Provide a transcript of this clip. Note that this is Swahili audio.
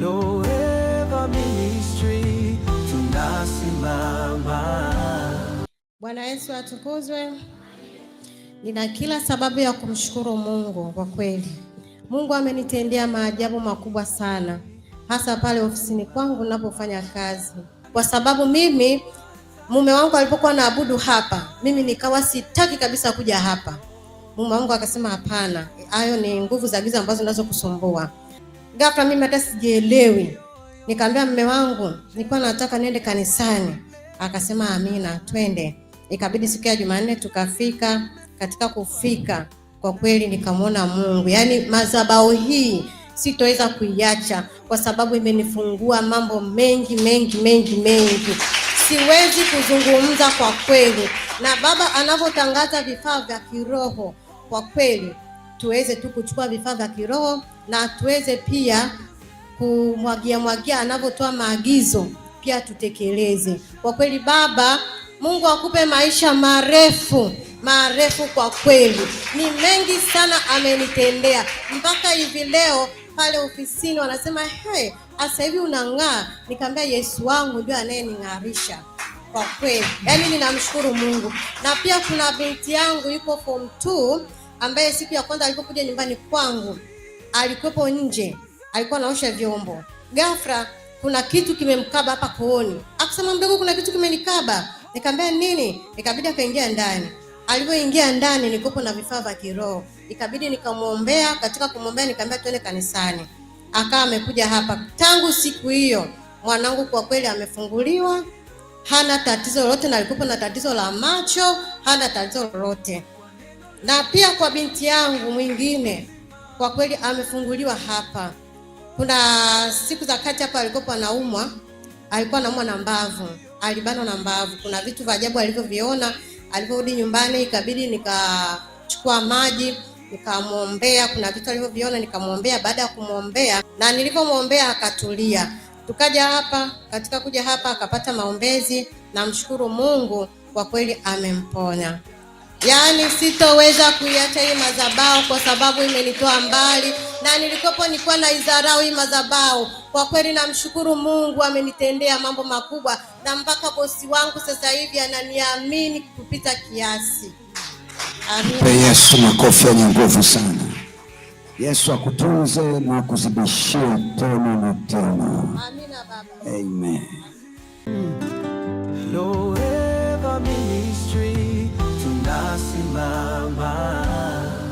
Loeva Ministry tunasimama. Bwana Yesu atukuzwe. Nina kila sababu ya kumshukuru Mungu kwa kweli. Mungu amenitendea maajabu makubwa sana, hasa pale ofisini kwangu ninapofanya kazi, kwa sababu mimi mume wangu alipokuwa naabudu hapa, mimi nikawa sitaki kabisa kuja hapa. Mume wangu akasema hapana, hayo ni nguvu za giza ambazo zinazokusumbua. Ghafla mimi hata sijielewi, nikaambia mme wangu nilikuwa nataka niende kanisani. Akasema amina, twende. Ikabidi siku ya Jumanne tukafika. Katika kufika kwa kweli nikamwona Mungu, yaani madhabahu hii sitoweza kuiacha kwa sababu imenifungua mambo mengi mengi mengi mengi, siwezi kuzungumza kwa kweli. Na baba anavyotangaza vifaa vya kiroho, kwa kweli tuweze tu kuchukua vifaa vya kiroho na tuweze pia kumwagia mwagia anavyotoa maagizo pia tutekeleze. Kwa kweli, Baba Mungu akupe maisha marefu marefu, kwa kweli ni mengi sana amenitendea mpaka hivi leo pale ofisini wanasema hey, asa hivi unang'aa. Nikamwambia Yesu wangu ndio anayening'arisha kwa kweli, yaani ninamshukuru Mungu. Na pia kuna binti yangu yuko form ambaye siku ya kwanza alipokuja nyumbani kwangu alikuwepo nje, alikuwa anaosha vyombo. Ghafla kuna kitu kimemkaba hapa kooni, akasema mdogo, kuna kitu kimenikaba. Nikamwambia nini? Nikabidi akaingia ndani. Alipoingia ndani, nikopo na vifaa vya kiroho, ikabidi nikamwombea. Katika kumwombea, nikamwambia twende kanisani, akawa amekuja hapa. Tangu siku hiyo mwanangu kwa kweli amefunguliwa, hana tatizo lolote, na alikuwa na tatizo la macho, hana tatizo lolote na pia kwa binti yangu mwingine, kwa kweli amefunguliwa hapa. Kuna siku za kati hapa alikopo anaumwa, alikuwa anaumwa na mbavu, alibanwa na mbavu. Kuna vitu vya ajabu alivyoviona. alivyorudi nyumbani, ikabidi nikachukua maji nikamwombea. Kuna vitu alivyoviona nikamwombea. Baada ya kumwombea na nilivyomwombea akatulia, tukaja hapa. Katika kuja hapa akapata maombezi, namshukuru Mungu kwa kweli amemponya yaani sitoweza kuiacha hii madhabahu kwa sababu imenitoa mbali, na nilikopo nilikuwa na idharau hii madhabahu. Kwa kweli namshukuru Mungu amenitendea mambo makubwa, na mpaka bosi wangu sasa hivi ananiamini kupita kiasi. Amina. Ee Yesu, makofi yenye nguvu sana. Yesu akutunze na akuzidishie tena na tena. Amina baba. Amen. Loeva Ministry mama